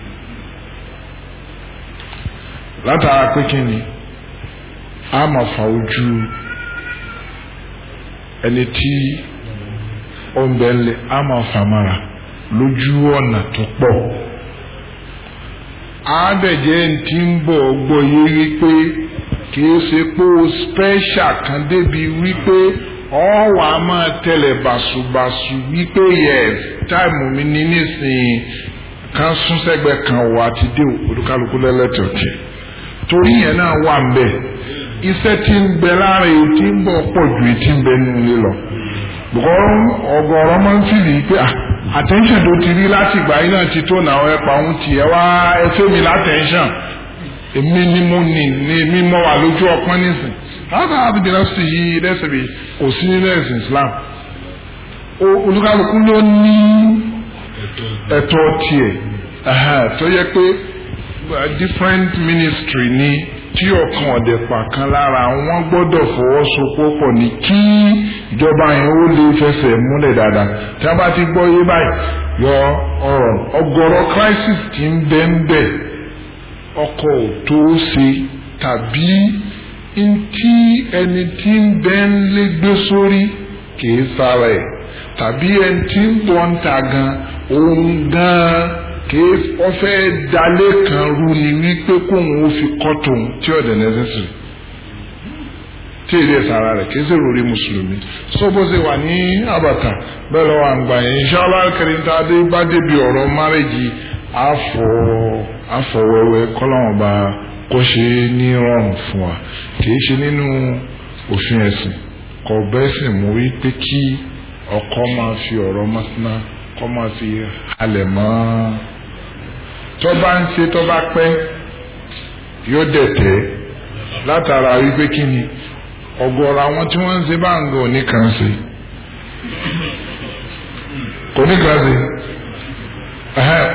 látara pé kí ni a máa fa ojú ẹni tí ó ń bẹ ńlẹ̀ a máa lójú ọ̀nà tó pọ̀ àádẹ́jẹ́ ti ń bọ̀ gbọ́ yé wípé kìí ṣe pé o special kan débi wípé ọ̀wà a máa tẹ̀lé bàṣubàṣu wípé yes táìmù mi ní nísìnyí kan sún sẹ́gbẹ̀ẹ́ kan wà á ti dé olúkálukú lẹ́lẹ́tọ̀ọ̀tì. torí yẹn náà wà ń bẹ iṣẹ́ tí ń bẹ lára èyí tí ń bọ̀ pọ̀ ju èyí tí ń bẹ nínú ilé lọ máa ń fìlì pé ah, attention tó ti rí láti ìgbà yìí náà ti tó náà ẹ pa òun tiẹ̀ wá mi látẹ̀ńṣàn ni mo ní wà lójú ọpọ́n nísìn láti lẹ́sẹ̀ kò sí ẹ̀sìn Islam ló ní different ministry ni tí ọ̀kan ọ̀dẹ̀pà kan lára wọn gbọ́dọ̀ fọwọ́sowọ́pọ̀ ní kí ìjọba yẹn ó lè fẹsẹ̀ múlẹ̀ dáadáa tí a bá ti gbọ́ yé báyìí yọ ọ̀rọ̀ ọ̀gọ̀rọ̀ crisis ti ń bẹ ń bẹ ọkọ̀ ò tó ṣe tàbí ntí ẹni tí ń bẹ ń lé gbé sórí kì í sára ẹ̀ tàbí ẹni tí ń bọ̀ ń ta gan òun gan-an kìí ọfẹ́ dalé kan ru ni wípé kóun ó fi kọ́ tòun tí ọ̀dẹ̀ necessary tí èdè sara rẹ̀ kìí sèrò orí mùsùlùmí sọ́bó ṣe wà ní àbàtà bẹ́ẹ̀ lọ́wọ́ àgbà yẹn inshallah kẹrin tá a dé bá débi ọ̀rọ̀ márẹ́jì àfọwẹ́wẹ́ kọ́láwọn bá kó ṣe ní rọrùn fún wa kìí ṣe nínú òfin ẹ̀sìn kò bẹ́ẹ̀ sì mú wípé kí ọkọ máa fi ọ̀rọ̀ mọ́sánná kọ́ máa fi halẹ̀ mọ́ tó bá ń ṣe tó bá pẹ́ yóò dẹ̀tẹ̀ látara wípé kí ni ọ̀gọ̀ọ̀rọ̀ àwọn tí wọ́n ń ṣe bá ń gò níkan ṣe kò níkan ṣe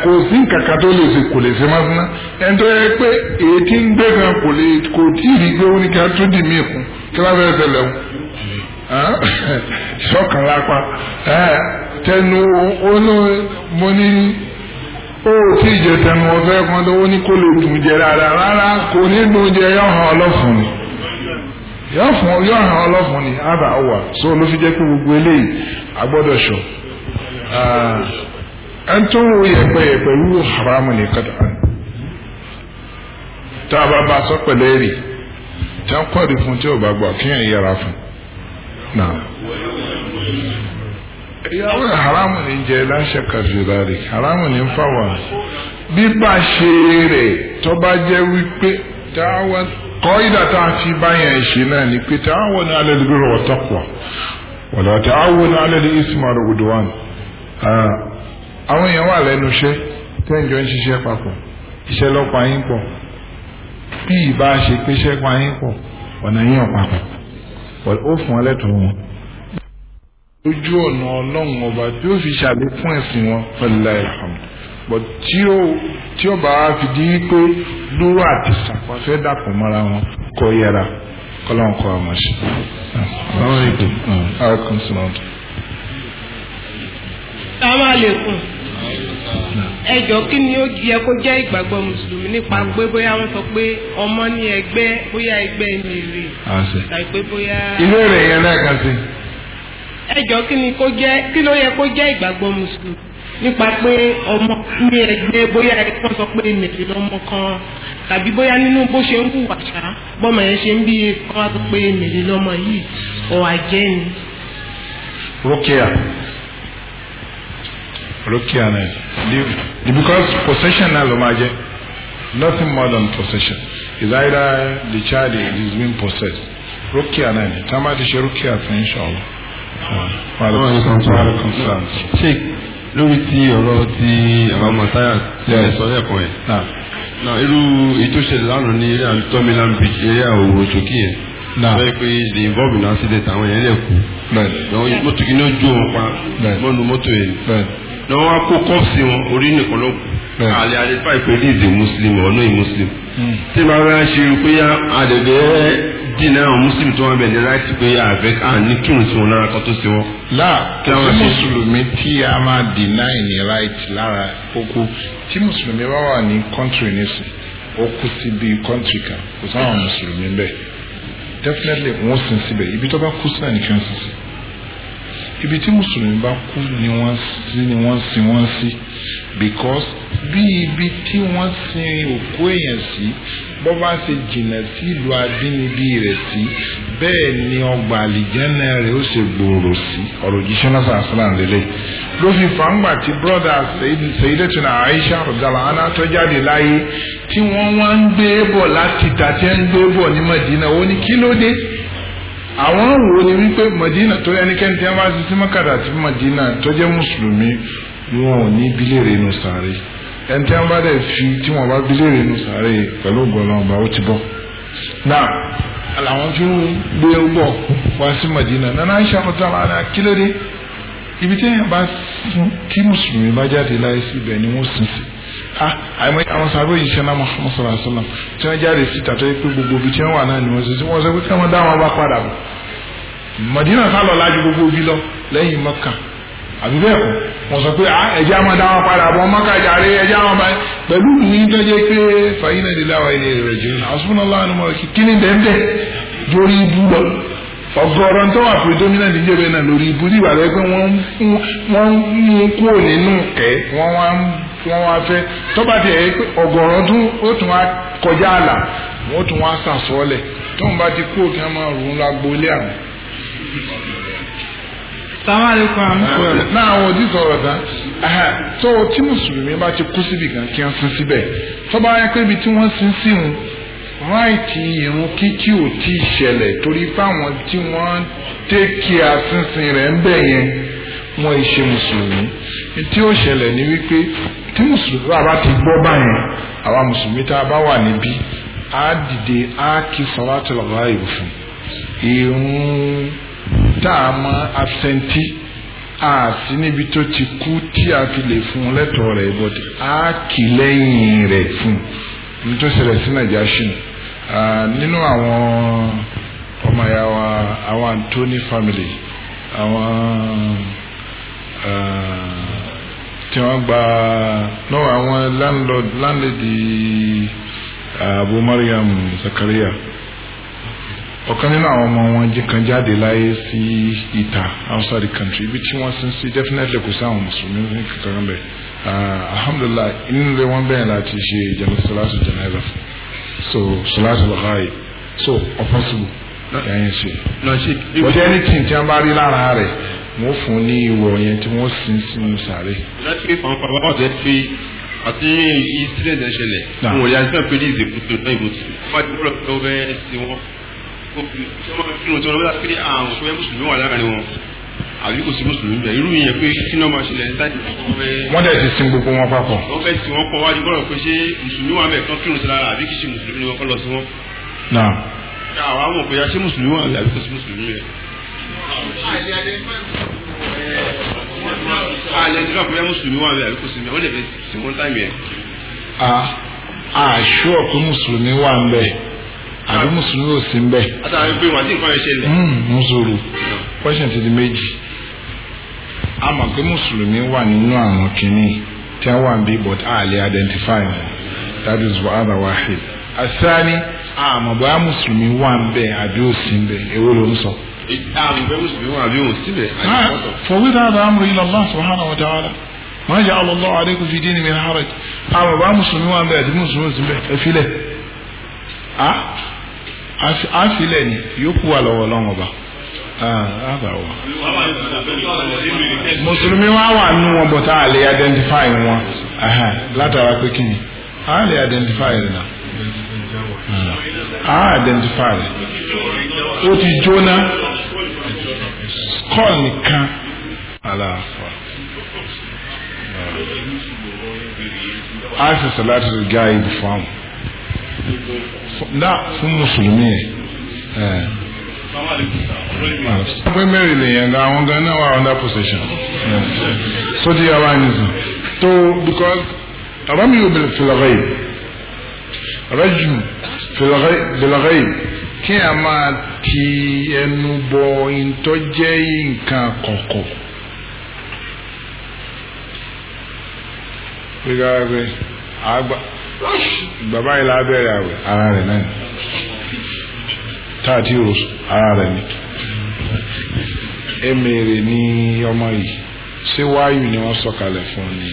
kò sí kàkà tó lè ṣe kò lè ṣe máa ṣúná ẹni tó yẹ pé èyí tí ń gbé kan kò lè kò tí ì rí pé ó tún dì mí kún kí wọ́n fẹ́ẹ́ ṣẹlẹ̀ wọn ṣọ́kàn lápá tẹnu olóyún mo ó tí ìjẹ tẹnu ọ̀fẹ́ kan tó ó ní kó lè dùn jẹ rárá rárá kò ní dùn jẹ yọ hàn ọlọ́fun ni yọ so ló fi jẹ́ pé gbogbo eléyìí agbọdọ ṣọ ah, ẹn tó wo yẹpẹyẹpẹ ní tá a bá bá sọ pẹ̀lú èrè tí fún tí ò bá gbọ́ kí ìyàwó haramu ni jẹ láṣẹ kàfìrarì haramu ni fáwọn bíbá ṣe rẹ̀ tó bá jẹ́ wípé táwọn tá a fi báyẹn ṣe náà ni pé táwọn alẹ́ lóbi rọ̀ tọ́pọ̀ wala ta'awun 'ala al-ithmi wal 'udwan àwọn èèyàn wà lẹ́nu iṣẹ́ tẹ́ǹjọ́ ń ṣiṣẹ́ papọ̀ iṣẹ́ lọ́pàá yín pọ̀ bí ìbá ṣe pé iṣẹ́ ojú ọ̀nà ọlọ́run ọba tí ó fi ṣàlékún ẹ̀sìn wọn pẹ̀lú ẹ̀hàn bọ̀ tí ó tí ó bá fi di pé dúró àti sàpá fẹ́ dàpọ̀ mọ́ra wọn kọ yẹra kọ́lọ́run kọ́ àwọn ṣe. àwọn ètò àkùn sọ̀rọ̀. sáwọn àlékún ẹ jọ̀ọ́ kí ni ó yẹ kó jẹ́ ìgbàgbọ́ mùsùlùmí nípa pé bóyá wọ́n sọ pé ọmọ ní ẹgbẹ́ bóyá ẹgbẹ́ ní èrè tàbí pé bóyá. ìlú èrè yẹn náà kàn sí i ẹjọ́ kí ni kó jẹ́ kí ló yẹ kó jẹ́ ìgbàgbọ́ mùsùlùmí nípa pé ọmọ ní ẹgbẹ́ bóyá ẹ̀kọ́ sọ pé mèrè lọ́mọ kan tàbí bóyá nínú bó ṣe ń hùwà ṣá bọ́mọ yẹn ṣe ń bí ẹ̀kọ́ sọ pé mèrè lọ́mọ yìí ọ̀ àjẹ́ ni. Rukia Rukia na the, because possession na ló máa jẹ nothing more than possession is either the child is being possessed Rukia na ni tá a máa ṣe Rukia fún inshallah sheik lórí ti ọ̀rọ̀ ti àwọn ọmọ táyà tí a sọ lẹ́ẹ̀kan yẹn ah. na irú ìtòṣẹlẹ̀ lánàá ní eré àtọ́mílán bíi eré àwòrán òjòkì yẹn bẹ́ẹ̀ pé they involve in accident àwọn yẹn lè kú mọ́tò kìíní ojú wọn pa mọ́nu mọ́tò yẹn náà wọ́n á kó kọ́ọ̀sì wọn orí nìkan ló kù àlè àdìfà ìpèlè ìdè muslim or no muslim tí màá bá ṣe pé àdègbè dìnnà àwọn muslim tó wà bẹ̀ ní láti pé àfẹ́ à ní kírun tí wọn lára kan tó ṣe wọn. láà kí àwọn mùsùlùmí tí a máa dìnnà ìní right lára okú tí mùsùlùmí bá wà ní country nísìn ó kú sí bíi country kan kò sáwọn mùsùlùmí bẹ́ẹ̀ definitely wọ́n sin síbẹ̀ ibi tó bá kú sí náà nìkan sísè ibi tí mùsùlùmí bá kú ni wọ́n sí ni wọ́n sin wọ́n sí because bí ibi tí wọ́n sin òkú èèyàn sí bó bá ṣe jìnnà sí ìlú abínibí rẹ̀ sí bẹ́ẹ̀ ni ọgbà àlìjẹ́nà rẹ̀ ó ṣe gbòòrò sí ọ̀rọ̀ òjíṣẹ́ náà sàásìlà lélẹ̀ ló fi fàǹgbà tí brọ́dà Sayyidatuna Aisha radhiyallahu anha tó jáde láyé tí wọ́n wá ń gbé bọ̀ láti tàtẹ́ ń gbé bọ̀ ní Madina ó ní kí ló dé àwọn wo ni wípé Madina tó ẹnikẹ́ni tí wọ́n bá ti sí mọ́kàdà sí Madina tó jẹ́ mùsùlùmí wọn ò ní bílẹ̀ rẹ̀ nù sáré ẹni tí wọ́n bá dẹ̀ fi tí wọ́n bá fi léèrè nu sàárè pẹ̀lú ògbọ́nà ọba ó ti bọ́. náà làwọn fi ń gbé bọ̀ wá sí Madina nana Aisha ọ̀tá ara kílódé ibi tí èèyàn bá sùn kí mùsùlùmí bá jáde láyé sí ibẹ̀ ni wọ́n sùn sí àìmọ̀ àwọn sábẹ́ yìí sẹ́nà Muhammad sallallahu alayhi wa sallam tí wọ́n jáde síta tó yẹ pé gbogbo ibi tí wọ́n wà náà ni wọ́n sọ sí wọ́n sọ pé kí wọ́n dá wọn bá padà bọ̀ Madina sálọ̀ lájú gbogbo ibi lọ lẹ́yìn Mẹ́kà àbí bẹ́ẹ̀ kọ́ wọ́n sọ pé ẹ̀jẹ̀ àwọn dáwọn padà bọ́ mọ́kàjáre ẹ̀jẹ̀ àwọn bá pẹ̀lú yìí tó jẹ́ pé fàyínà ìdílé àwọn ilé rẹ̀ jù náà asúnmọ́lá ni mo kí kíni dẹ́ndẹ́ lórí ibú lọ ọgọ́rọ̀ tó wà predominant níjẹ́ bẹ́ẹ̀ náà lórí ibú nígbà rẹ̀ pé wọ́n ń mú kúrò nínú kẹ́ wọ́n wá wọ́n wá fẹ́ tó bá tiẹ̀ pé ọgọ́rọ̀ tún ó tún wá kọjá àlà wọ́n tún wá sàsọ́ọ̀lẹ̀ tóun bá ti kúrò kí wọ́n máa rùn lágbo ilé àná sàmàlẹ́kùn àmúkúrẹ́. náà wọ́n ti sọ̀rọ̀ tán tó tí mùsùlùmí bá ti kú síbi kan kí wọ́n sin síbẹ̀ tó bá yẹ pé ibi tí wọ́n sin sí wọn ráìtì irun kíkí ò tí ì ṣẹlẹ̀ torí fáwọn tí wọ́n tẹ́kì àsìnsìn rẹ̀ ń bẹ̀ yẹn wọ́n ì ṣe mùsùlùmí tí ó ṣẹlẹ̀ ni wípé tí mùsùlùmí bá ti gbọ́ báyẹn àwa mùsùlùmí a bá wà níbí á dìde á kí sọ́wọ́ àtọ̀lọ́gbà ìwòfin irun tá a a sí níbi tó ti kú tí a fi lè fún un lẹ́tọ̀ọ́ rẹ̀ but a kì lẹ́yìn rẹ̀ fún un ní tó nínú àwọn ọmọ ya wa àwọn antoni family àwọn tí wọ́n gba náà àwọn landlord landlady Abu Mariam Zakaria ọ̀kan nínú àwọn ọmọ wọn kan jáde láyé sí ìta outside the country ibi tí wọ́n sin sí definitely kò sí àwọn mùsùlùmí kankan bẹ̀ ah, alhamdulilah inú rẹ̀ wọ́n bẹ̀rẹ̀ láti ṣe jẹnẹsọláṣọ jẹnẹsọ so sọláṣọ lọ́háyè so ọ̀pọ̀sibù lẹ́yìn sí i wọ́n jẹ́ anything tí wọ́n bá rí lára rẹ̀ wọ́n fún ní ìwọ̀ yẹn tí wọ́n sin sínú sàárè. láti fi fanfa wá ọ̀dẹ́ fi àti ìsílẹ̀ ìdẹ́sẹ̀lẹ̀ wọn ò yà sí àpèjì ìsèkútò náà ìbòsí wọ́n ti wọ́n lọ sí wọn kírun tí wọ́n lọ́wọ́ pé àwọn òṣèlú mùsùlùmí wà láàrin wọn àbí kò sí mùsùlùmí bẹ̀ irú yẹn pé kí náà máa ṣẹlẹ̀ níta ìdìbò wọn bẹ́ẹ̀. wọ́n dẹ̀ ti sin gbogbo wọn papọ̀. wọ́n fẹ́ sin wọn pọ̀ wájú bọ́rọ̀ pé ṣé mùsùlùmí wà mẹ́ẹ̀kan kírun sí lára àbí kì í ṣe mùsùlùmí ni wọ́n kọ́ lọ sí wọn. náà. àwọn àwọn òpè ya ṣé mùsùlùmí wà àbí kò sí mùsùlùmí rẹ̀. àlẹ́ ìdílé ọ̀pẹ̀ ya mùsùlùmí wà àbí kò àbí mùsùlùmí ò sí ń bẹ̀. àtàwọn pé wàá tí nǹkan yẹn ṣe lẹ̀. mo question ti di méjì a mọ̀ pé mùsùlùmí wà nínú àwọn kìíní tí wọ́n wà but a lè identify wọn that is what other wahid. asani a mọ̀ bóyá mùsùlùmí wà ń bẹ̀ àbí ò sí ń bẹ̀ èwo ló ń sọ. àmì bẹ́ẹ̀ mùsùlùmí wà àbí ò sí bẹ̀ àyè fọ́tọ̀. fọwọ́dà Allah subhanahu wa ta'ala ma ja'ala Allahu alaykum fi min haraj àmọ̀ bóyá mùsùlùmí wà ń bẹ̀ àbí mùsùlùmí ò sí ń bẹ̀ ẹ àfilẹ̀ ni yòókù wà lọ́wọ́ ọlọ́run ọba àbàwọ̀. mùsùlùmí wa wà nù wọn bọ̀ tá identify wọn látara pé kí ni a lè identify rẹ̀ náà a identify rẹ̀ ó ti jóná skull nìkan aláàfọ̀. a sì sọ láti rí gáà ibi fún la fún mùsùlùmí ẹ̀. pé mẹ́rin nìyẹn gan àwọn gan náà wà under possession so di yàrá nìyẹn tó because àbámi yóò bẹ̀rẹ̀ filagai rẹ́jù filagai kí a máa ti ẹnu bọ ìtọ́jẹ́ nǹkan kọ̀ọ̀kọ̀. gbẹgbẹ àgbà bàbá yìí lábẹ́rẹ́ àwẹ̀ ara rẹ̀ náà tààtì rò ara rẹ̀ ni emèrè ni ọmọ yìí ṣé wáyù ni wọ́n sọ̀kalẹ̀ fún ni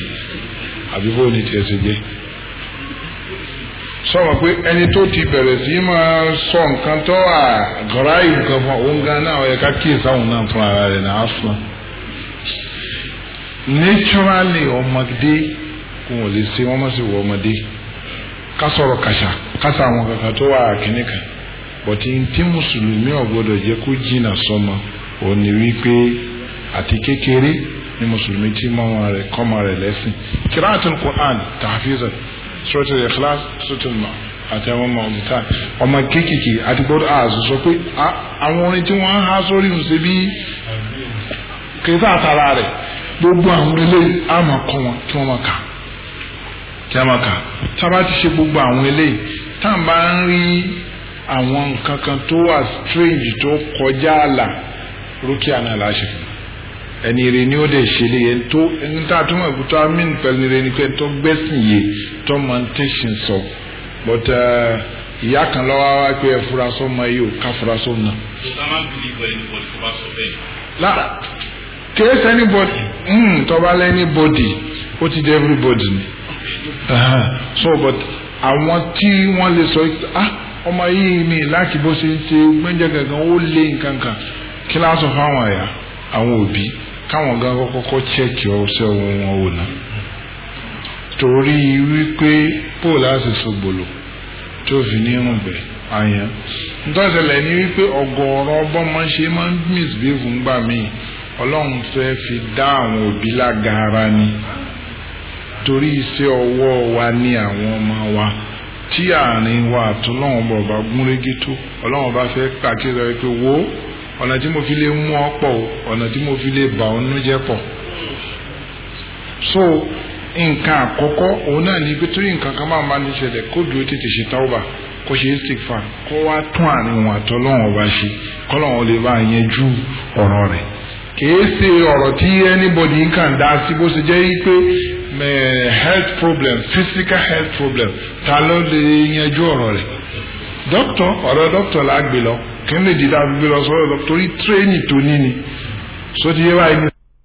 àbí bó ni tiẹ̀ ṣe jẹ́ sọ̀rọ̀ pé ẹni tó ti bẹ̀rẹ̀ sí máa sọ nǹkan tó à gọ́ra nǹkan fún òun gan náà ọ̀yẹ́ ká kíyèsí àwọn náà fún ara rẹ̀ náà fún naturally ọmọdé kò lè ṣe wọ́n mọ̀ sí wọ́n ọmọdé. kasoro kasha kasa mu kakato wa kinika but in tim musulumi ogodo je ku jina soma oni wipe ati kekere ni musulumi ti mo wa re koma re lesin qiraatul qur'an tahfiz surat al ikhlas surat al ati awon ma ta o ma kekeke ati a az so pe awon orin ti won ha sori un se bi kesa tarare gbogbo awon ile a ma ko won ti won tí a máa kà tá a bá ti ṣe gbogbo àwọn eléyìí tá a bá ń rí àwọn nǹkan kan tó wà strange tó kọjá àlà rúkìá náà láṣẹ ẹni rẹ ni ó dẹ̀ ṣe lé yẹn tó ẹni tá a tún mọ̀ tó amín pẹ̀lú rẹ ni pé tó gbẹ́sìn yìí tó máa ń tẹ̀sìn sọ but uh, ìyá kan lọ́wọ́ wá pé ẹ fura sọ́mọ yìí ò ká fura sọ́mọ náà. ṣùgbọ́n máa ń bìlí ìwọ ẹni bọ́ọ̀lù tó bá sọ bẹ́ẹ̀. la kèé sẹ́ni bọ́ọ̀dì tọ́ba lẹ́ni bọ́ọ̀dì ó ti dé everybody ni so but àwọn tí wọ́n lè sọ ah ọmọ yìí mi láti bó ṣe ń ṣe gbẹ́njẹ gangan ó lé nǹkan kan kí láti sọ fáwọn àyà àwọn òbí káwọn gan kọ́kọ́ chẹ́ẹ̀kì ọṣẹ ohun wọn ò ná torí wípé paul á sì sọgbòlò tí ó fi ní irun bẹ̀ àyàn ntọ́sẹ̀lẹ̀ ni wípé ọ̀gọ̀ọ̀rọ̀ ọbọ̀mọ ṣe máa ń misbehave ńgbà míì ọlọ́run fẹ́ fi dá àwọn òbí lágara ni torí iṣẹ́ ọwọ́ wa ní àwọn ọmọ wa tí àárín wa àtúnlọ́wọ́n bọ̀ bá gúnrégé tó ọlọ́wọ́n bá fẹ́ pàkíyèsí rẹ pé wo ọ̀nà tí mo fi lè mú ọ pọ̀ ọ̀nà tí mo fi lè bà ọ́ nú jẹ́ pọ̀ so nǹkan àkọ́kọ́ òun náà ní pé tó yí nǹkan kan máa máa ní ṣẹlẹ̀ kó dúró tètè ṣe táwọ́bà kó ṣe istikfa kó wá tún àárín wọn àtọ́lọ́wọ́n ọba ṣe kọ́lọ́wọ́n lè bá yẹn ju ọ̀rọ̀ rẹ̀ kìí ṣe ọ̀rọ̀ tí anybody kan dá sí bó ṣe jẹ́ pé health problem physical health problem ta ló lè yanjú ọ̀rọ̀ rẹ̀ doctor ọ̀rọ̀ doctor la gbé lọ kí n lè dìda gbé lọ sọ́dọ̀ torí training tó ní ni so ti yé